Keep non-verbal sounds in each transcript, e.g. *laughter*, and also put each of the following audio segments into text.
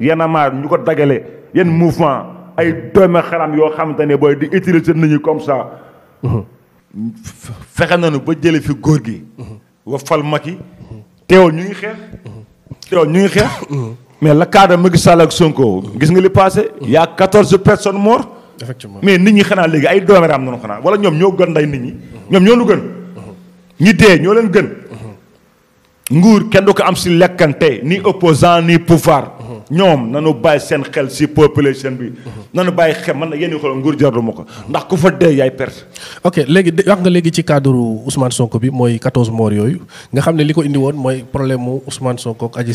Y'en a ñu ko dagale yenn mouvement ay doomi xaram yoo xamante ne booy di utiliser nit ñi comme ça. fexe nañu ba jële fi góor gi. wa fal Macky. ñu ngi xeex. teewul ñu ngi xeex. mais la cas ma Macky Sall ak gis nga li passé. y' a quatorze personne mortes. effectivement mais nit ñi xanaa léegi ay doomi raam noonu xanaa wala ñoom ñoo gën nday nit ñi. ñoom ñoo nu gën. ñi dee ñoo leen gën. nguur kenn du ko am si lekkante nii opposant ni pouvoir. ñoom na nanu bàyyi seen xel si population bi. Mhm. nanu bàyyi xel man nag yéen xool nguur jarlu ma ko. ndax ku fa dee yaay perte. ok léegi wax nga léegi ci cadre Ousmane Sonko bi mooy 14 morts yooyu nga xam ne li ko indi woon mooy problème mu Ousmane Sonko ak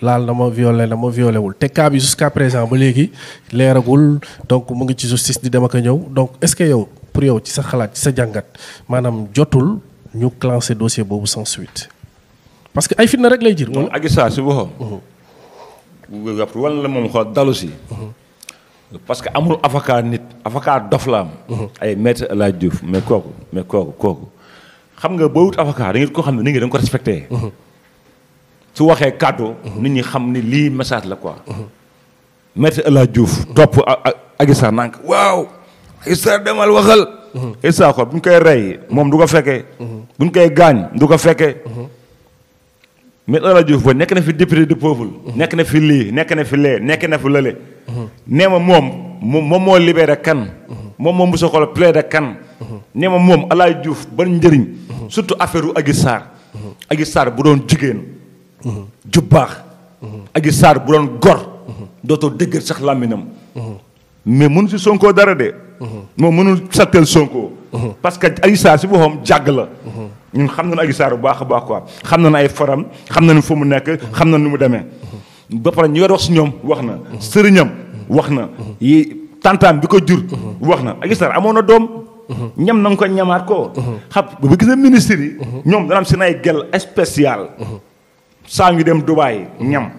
laal na ma violé na ma violé wul te cas bi jusqu'à présent ba léegi leeragul donc mu ngi ci justice di dem a ko ñëw donc est-ce que yow pour yow ci sa xalaat ci sa jàngat maanaam jotul ñu classé dossier boobu sans suite parce que ay fitna rek lay jir moom Adji Sarr wala la moom xool dalu si. parce que amul avocat nit avocat dof la am. ay maître El Hadj Diouf mais kooku mais kooku xam nga boo wut avocat da ngeen ko xam ne nit ñi da nga ko respecté. su waxee kàddu. nit ñi xam ni lii message la quoi. maître El Hadj topp ak Adji Sarr waaw. Adji demal waxal. Adji Sarr bu ñu koy gaañ du ko fekkee. Me El Hadji ba nekk na fi député du peuple. nekk na fi lii nekk na fi lee nekk na fi lële. nee ma moom moom moo libéré kan. moom moo musa xol plaidé kan. nee ma moom El Hadji ba ban njëriñ. surtout affaire u Adji bu doon jigéen. ju baax. bu doon gor. dootoo dëggal sax làmminam mais mënu si Sonko dara de. moom mënul sattel Sonko. parce que Adji Sarr si jàgg la. ñun xam na Adji Sarr bu baax a baax quoi xam na nañu ay faram xam na nañu fu mu nekk xam na nu mu demee ba pare ñu wax si ñoom wax na sëriñam wax na yi tantaam bi ko jur wax na Adji amoon na doom ñam na nga ko ñamaat ko xam ba gis na ministre yi ñoom dana am seen ay gel spécial saa ngi dem Dubaï ñam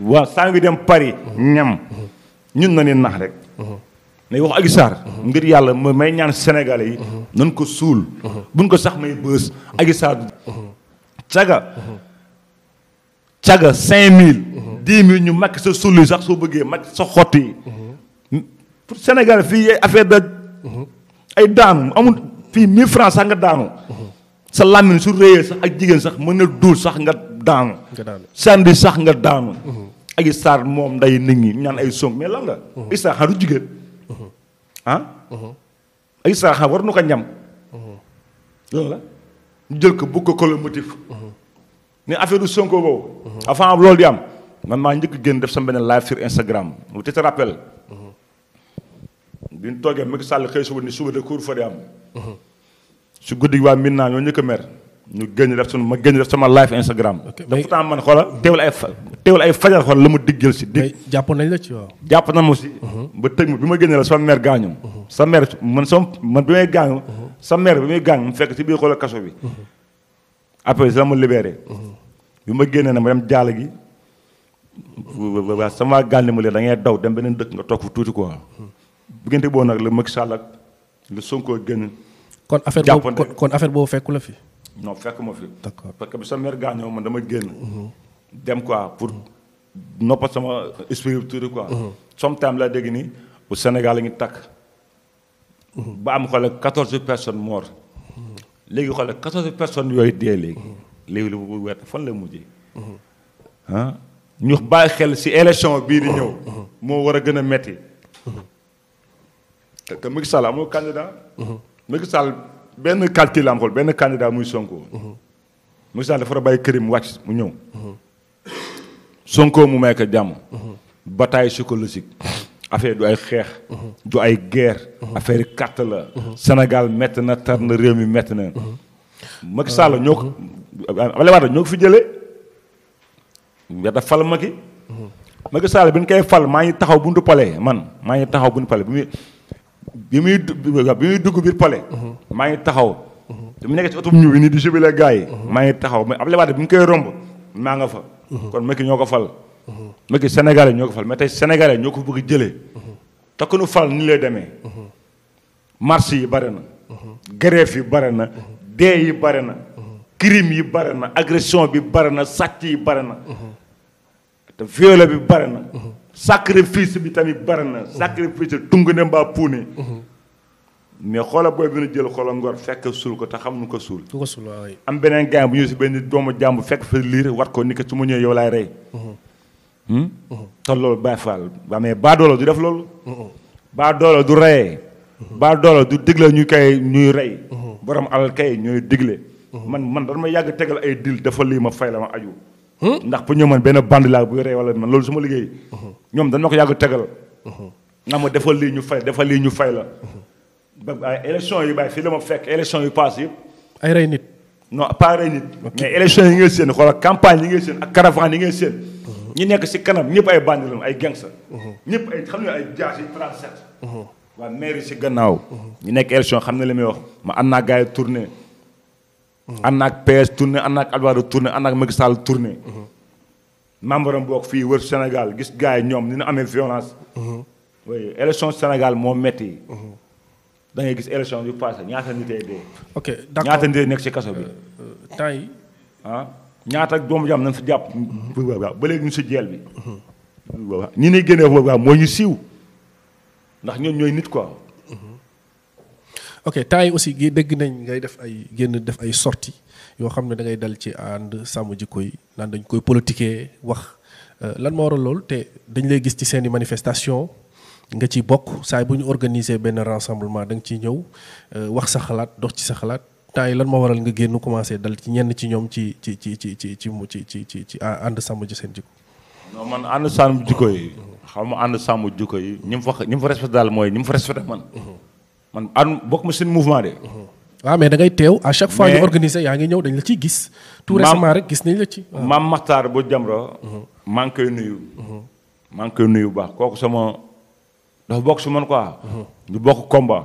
waaw saa ngi dem Paris ñam ñun na ni nax rek mais wax Adji ngir yàlla ma may ñaan Sénégalais yi nan ko suul buñ ko sax may bës Adji Sarr caga caga cinq mille dix mille ñu makk sa suul yi sax soo bëggee makk sa xott yi pour Sénégal fii affaire de ay daanu amul fii mille francs sax nga daanu sa làmmiñ su réyee sax ak jigéen sax mën na duul sax nga daanu sandi sax nga daanu Adji Sarr moom nday nit ñi ñaan ay song mais lan la Adji Sarr xaru jigéen ah. ay saaxa war nu ko ñam. loolu la ñu jël ko bugg ko kolo motif. ne affaire du Sonko boobu. avant di am man maa njëkk génn def sama benn live sur Instagram lu te te rappel. bi ñu toogee Macky Sall xëy suba ni suba de couvre-feu di am. su guddi gi waa Minna ñoo njëkk mer. ñu gën def sunu ma gën def sama live Instagram. dafa temps man xoola teewul ay fa teewul ay fajar xoola la mu diggal si. dig jàpp nañ la ci waaw. jàpp na ma si. Mhm. ma bi ma génnee la mhm. sa man sama man bi may mhm. sa mère bi may gaañu mu fekk si biir kaso bi. après la ma libéré. bi ma génnee na ma dem jaal gi. waaw sama ma da ngay daw dem beneen dëkk nga toog fu tuuti quoi. diggante boobu nag la Macky Sall ak lu Sonko génn. kon affaire boobu kon boobu fekku la fi. non fekk ma fi. d'accord que bi sa mère gaañoo man dama génn. dem quoi pour noppat sama esprit tuuti quoi. Mhm. sometimes laa dégg ni au Sénégal la ñu takk. Mhm. ba am xoolal quatorze personnes mortes. léegi xoolal quatorze personnes yooyu dee léegi. Mhm. léegi lu bu wet fan la mujjee. ah ñu bàyyi xel ci élection bii di ñëw. moo war a gën a metti. te Macky Sall amul candidat. benn qualité am xool benn candidat muy Sonko. Macky Sall dafa war wàcc mu ñëw. mu may ko jàmm. bataille psychologique. affaire du ay xeex. du ay guerre. affaire carte la. Sénégal métti na tar na réew mi métti na. Macky Sall ñoo ko Abdoulaye Wade ñoo ko fi jëlee. nga def fal Macky. Macky Sall bi ñu koy fal maa ngi taxaw buntu palais man maa ngi taxaw buntu palais bi muy bi muy dugg biir palais. maa ngi taxaw. mu nekk ci oto bu ñëw bi nii di jubile gars yi. maa ngi taxaw mais Abdoulaye Wade bi mu koy romb maa nga fa. kon Macky ñoo ko fal. Macky Sénégalais ñoo ko fal mais tey Sénégalais ñoo ko bëgg jëlee. te ku nu fal ni lay demee. marché yi bare na. grève yi bare na. dee yi bare na. crime yi bare agression bi bare na sàcc yi bare na. bi bare sacrifice bi tamit bari na. Mhm. sacrifice tung mhm. ne mbaa puune. mais xoola booy bi nu jël xoola ngor fekk suul ko te xam nu ko suul. ko suul am beneen gars bu ñëw si benn doomu jàmb fekk fa liir wat ko ni ko su ma ñëwee yow laay rey. Mhm. Hmm? te loolu ba mais baa doolo du def loolu. baa doolo du reyee. baa doolo du digle ñu kay ñuy rey. borom alal kay ñooy digle. man man dañ ma yàgg tegal ay dil dafa lii ma fay la ma aju. ndax pour ñoom man benn band laa bu yoree wala man loolu su ma liggéey. ñoom dañ ma ko yàgg tegal. na ma defal lii ñu fay defal lii ñu fay la. ba ay élection yi bàyyi fii la ma fekk élection yu paas yëpp. ay rey nit. non yi ngay seen xoolal campagne yi ngay seen ak caravane yi ngay seen. ñi nekk si kanam ñëpp ay bandi lañu ay gangster. ñëpp ay xam nga ay jaas yi 37. waa maire si gannaaw. ñu nekk élection xam ne li may wax ma am naa gars yi tournée. Mm-hmm. ànd ak PS tournée ànd ak Alvaro tournée ànd ak Macky Sall tournée. Mm-hmm. membre am bokk fii wër Sénégal gis gars yi ñoom ni ñu amee violence. Mm-hmm. oui élection Sénégal moo metti. da ngay gis élection yu passé ñaata nit ay dee. ñaata nit nekk ci kaso bi. Euh, euh, yi ah ñaata doomu jàmm nañ fi jàpp. ba léegi si jeel bi. waaw ñi ñuy génnee boobu mooy ñu siiw ndax ñooñu ñooy nit quoi. ok temps yi aussi dégg nañ ngay def ay génn def ay sorti yoo xam ne da ngay dal ci ànd sàmm jikko yi naan dañ koy politiquer wax euh, lan moo waral loolu te dañ lay gis ci seen i manifestation nga ci bokk saay bu ñu organiser benn rassemblement da nga ciy ñëw euh, wax sa xalaat dox ci sa xalaat temps yi lan moo waral nga génn commencé dal ci ñenn ci ñoom ci ci ci ci ci ci ci ci ci ci ànd sàmm ji seen jikko. non man ànd sàmm jikko yi. xam nga ànd sàmm jikko yi ñi mu fa ñi daal mooy ñu mu fa respecté man. Mhm. man ànd bokk ma seen mouvement de. waaw mais da ngay teew à chaque fois ñu organiser yaa ngi ñëw dañ la ciy gis. tout récemment rek gis nañ la ci. maam Maxtaar bu Jamra. maa ngi koy nuyu. maa ngi nuyu baax kooku sama dafa bokk su man quoi. ñu bokk combat.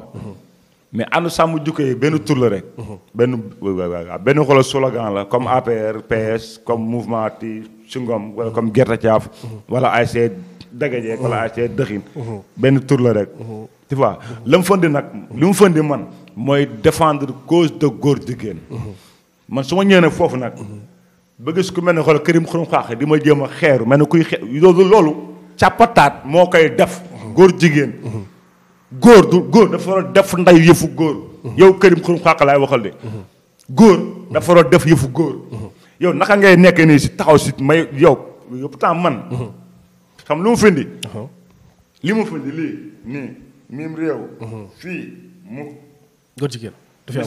mais ànd sàmm jukko benn tur la rek. benn benn xoolal slogan la comme APR PS comme mouvement ti sungom wala comme gerte caaf. wala AIC. dagajeeg wala acee dëxin benn tur la rek tu la mu fëndi nag li mu fëndi man mooy defendre cause de góor jigéen man su ma ñëwee foofu nag ba gis ku mel ne xool kërim xurum xaax ma jéem a xeeru mel ne kuy xeer loolu loolu moo koy def góor jigéen góor du góor dafa war a def nday yow kërim xurum xaax laay waxal de góor dafa war def yëfu góor yow naka ngay nekk nii si taxaw si may yow yow pourtant man xam lu mu findi uh-huh. li mu findi lii nii miim réew uh-huh. fii mu góor jigéen du fi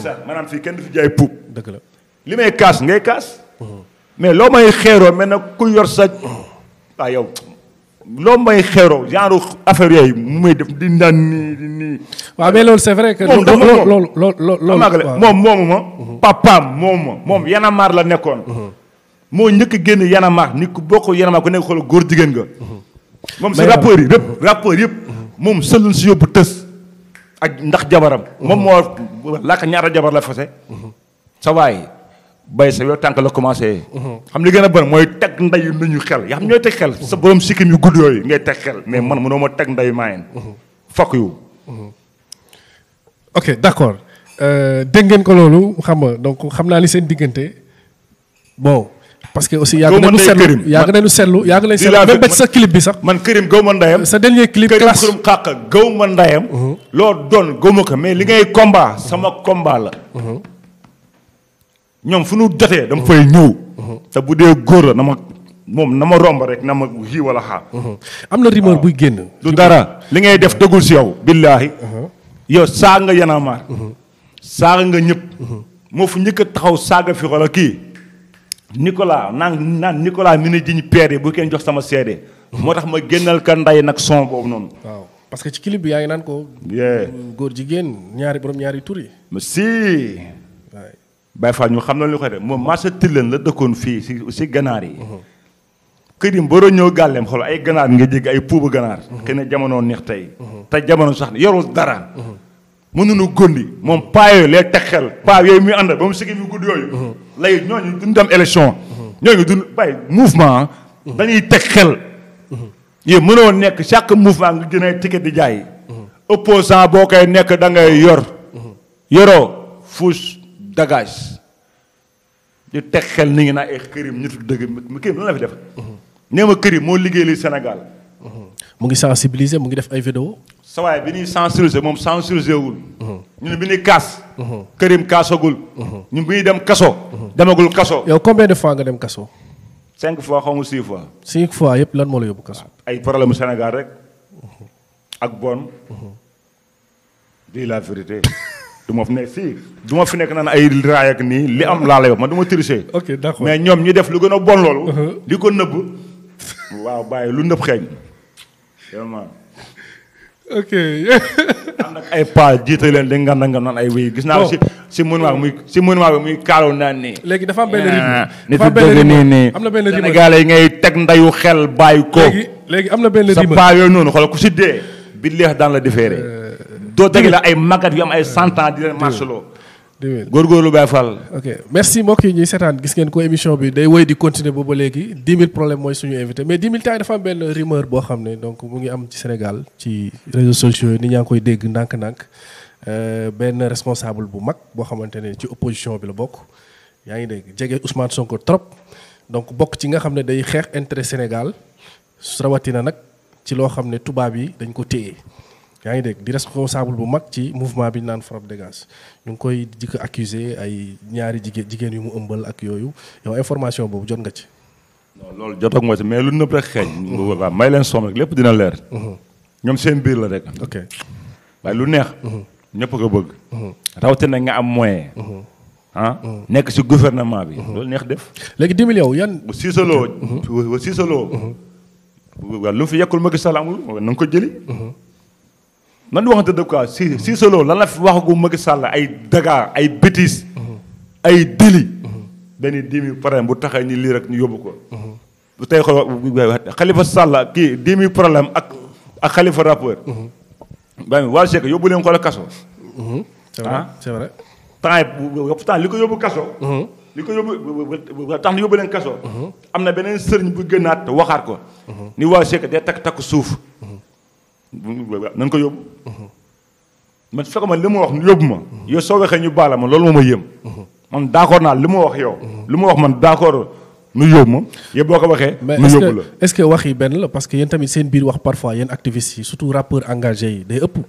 fii kenn du fi jaay puub la li may kaas ngay kaas uh-huh. mais loo may xeeroo mel na ku yor sa waaw ah, yow loo may xeeroo genre affaire yooyu mu may def di naan nii di nii. waaw mais loolu c'est vrai que. moom dafa moom loolu loolu loolu. moom moomu ma. papaam moomu moom yanamaar la nekkoon. moo njëkk génn Y'en a ni ku bokk Y'en a marre ku nekk xool góor jigéen nga. moom si rappeurs yi yëpp rappeurs yëpp. moom sëlun si yóbbu tës. ak ndax jabaram. moom moo làkk ñaata jabar la fase sa waay bay sa yow tànk la commencé. xam li gën a bëri mooy teg ndayu nañu xel yaa xam ñooy xel. sa borom sikkim yu gudd yooyu teg xel mais man mënoo teg ndayu maayen fokk yu. ok d'accord euh, dégg ko loolu xam nga donc xam naa ni seen diggante bon. parce que aussi yàgg nañu seetlu yàgg nañu seetlu yàgg nañu seetlu même ba sa clip bi sax. man Karim gaw ma ndayam. sa dernier clip classe Karim gaw ma ndayam. Mhm. loo doon gaw ma ko mais li ngay combat sama combat la. Mhm. ñoom fu ñu jotee dama fay ñëw. Mhm. te bu dee góor la na ma moom na ma romb rek na ma xii wala xaar. am na rumeur buy génn. du dara li ngay def dëggul si yow. billaahi yow saaga nga yanamaar. saaga nga ñëpp. moo fu njëkk taxaw saaga fi wala kii. Nicolas naan naan Nicolas mi ne jiñ peere bu kenn jox sama seede. moo tax ma génnal ka nday nag son boobu noonu. waaw parce que ci clip bi yaa ngi naan ko. góor jigéen ñaari borom ñaari tur yi. si. Baye Fall ñu xam na lu ko moom moom marché Tilène la dëkkoon fii si si ganaar yi. Uh-huh. kër yi ñëw gàllem xool ay ganaar nga jégg ay puubu ganaar. xëy uh-huh. na jamono neex tey. Uh-huh. te jamono sax yorul dara. mënuñu góndi moom paa yooyu lay teg xel paa yooyu muy ànd ba mu sigi mu gudd yooyu mhm. lay ñooñu duñ dem élection ñooñu duñ bay mouvement ah. mhm. dañuy teg xel mhm. yow mënoo nekk chaque mouvement nga gën a ticket di jaay opposant boo koy nekk da ngay yor yoroo fuus dagage di teg xel ni ngi naa ay kërim ñitu dëgg mi kërim lan la fi def nee ma moo liggéey li Sénégal mu ngi sensibiliser mu ngi def ay vidéo sa waay bi ñuy sensibiliser moom sensibiliser wul. Mhm. ñun bi ñuy kaas. Mhm. kërim kaasagul. Mhm. ñun bi ñuy dem kaso. demagul kaso. yow combien de fois nga dem kaso. cinq fois xaw ma six fois. six fois yëpp lan moo la yóbbu kaso. ay problème Sénégal rek. ak bon. la vérité. *laughs* du ma fi nekk fii fi nekk naan ay raay ak nii li am laa lay wax man du ma tricher. ok d'accord mais ñoom ñu def lu gën a bon loolu. li ko nëbb. waaw bàyyi lu nëbb xeeñ. ok. ay paa jiite leen di nganda nga naan ay wéy gis naa si si mun bi muy si mun bi muy kaaloo naan nii. léegi dafa am benn ah, rythme dafa am benn rythme nii am na benn rythme yi ngay teg ndayu xel bàyyi ko. léegi léegi am na benn rythme sa paa yooyu noonu xool ku si dee. bi leex daan la différé. Euh, doo teg la ay màggat yu am ay cent ans di leen marcheloo. déwén góorgóorlu Baye Fall. ok merci mbokk yi ñuy seetaan gis ngeen ko émission bi day woy di continuer ba léegi 10 000 problèmes mooy suñu invité mais 10 000 temps dafa benn rumeur boo xam ne donc mu ngi am ci Sénégal ci réseaux sociaux ni ñaa ngi koy dégg ndànk-ndànk euh, benn responsable bu mag boo xamante ne ci opposition bi la bokk yaa ngi dégg jege Ousmane ko trop donc bokk ci nga xam ne day xeex intérêt Sénégal rawatina nag ci loo xam ne tubaab yi dañ ko téye. yaa ngi dégg di responsable bu mag ci mouvement bi naan FRAPP dégage ñu ngi koy di ko accuser ay ñaari jigéen jigéen yu mu ëmbal ak yooyu yow information boobu jot nga ci. non loolu jot ak moo ci mais lu nëb rek xeeñ. Mm-hmm. waaw lépp dina leer. Mm-hmm. ñoom seen biir la rek. ok waaye lu neex. Mm-hmm. ñëpp ko bëgg. rawatina nga am moyen. ah nekk ci gouvernement bi. loolu neex def. léegi dimbali yow yan. bu siisaloo. bu siisaloo. lu fi yekkul Macky amul na nga ko jëli. nan di waxante dëgg quoi lan la waxagu Macky Sall ay daga ay bêtises. ay dili dañuy dix problème bu taxee ñu lii rek ñu yóbbu ko. tey xool Khalifa Sall kii dix mille problème ak ak Khalifa rappeur. baa mi Wally Seck yóbbu leen ko a kaso. c'est ah. temps li ko yóbbu kaso. Mhm. li ko yóbbu tax na yóbbu leen kaso. Mhm. am na beneen sëriñ bu gënaat waxaat ko. Mhm. ni Wally Seck day takk takk suuf. nañ ko yóbbu. man su fekkee man li ma wax yóbbu ma. yow soo waxee ñu baala ma loolu moo ma yëm. man d'accord naa li ma wax yow. li ma wax man d'accord nu yóbbu ma boo ko waxee. nu yóbbu la est-ce wax yi benn la parce que yéen tamit seen biir wax parfois yéen activistes yi surtout rappeurs engagés yi day ëpp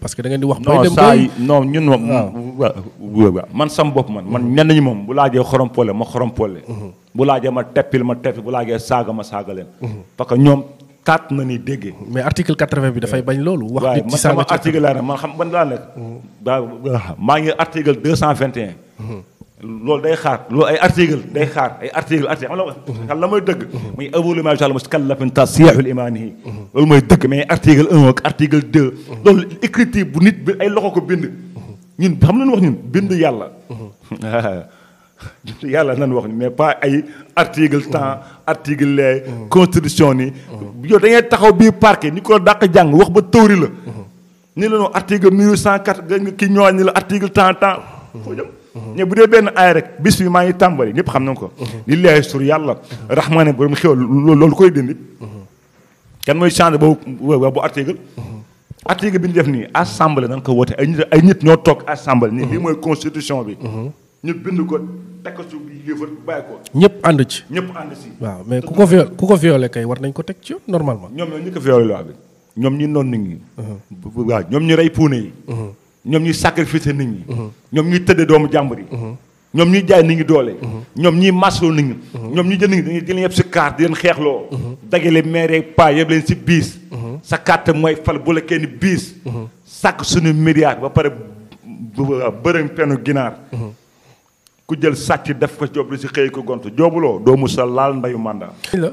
ah. man sam bopp man man ñenn ñi moom bu laajee xorompole ma xorompole. Mhm. bu laajee ma teppil ma teppil bu laajee saaga ma saaga leen. Mhm. parce ñoom. quatre na ni déggee. mais article quatre-vingt bi dafay bañ loolu. wax nit ci sama article laa ne man xam ban laa nekk. daa maa ngi article deux cent vingt et un. loolu day xaar loolu ay article article xam nga kan la mooy dëgg. muy awwalu maa ja'ala mukallafan tasxiixul imaanihi. loolu mooy dëgg mais article un ak article loolu écriture bu nit bi ay loxo ko bind. ñun xam nañu wax ñun bind yàlla. *laughs* *laughs* yàlla nan wax ni mais pas ay article temps article les constitution ni yow da ngay taxaw biir parquet ni ko dàq jàng wax ba tawri la ni la non article mille huit cent quatre nga ki ñëwaat ni la article temps temps bu dee benn aay rek bis bi maa ngi tàmbali ñëpp xam nañ ko li leey sur yàlla raxmaane borom xew loolu koy dindi kan mooy changé boobu bu article article bi ñu def nii assemblée nañ ko woote ay nit ñoo toog assemblée nii lii mooy constitution bi ñu bind ko teg ko suuf yëfër bàyyi ko. ñëpp ànd ci. waaw mais ku ko fi ku ko violé kay war nañ ko teg ci yoon normalement. ñoom ñoo ñu ko violé loi bi ñoom ñi noon nit ñi. Uh-huh. waaw ñu rey puune yi. Uh-huh. ñoom ñuy sacrifice nit ñi. Uh-huh. ñoom ñuy tëddee doomu jàmbur ñoom ñuy jaay nit ñi doole. ñoom ñuy masloo nit ñi. ñoom ñuy jël nit ñi dañuy jël yëpp si carte di leen xeexloo. dagale maire yeeg paa yëpp leen si biis. sa carte mooy fal bu la kenn biis. sàkk suñu milliard ba pare bërëm penu ginaar. ku jël sàcc def ko job li si xëy ko gont joobuloo doo musa laal ndayu mandat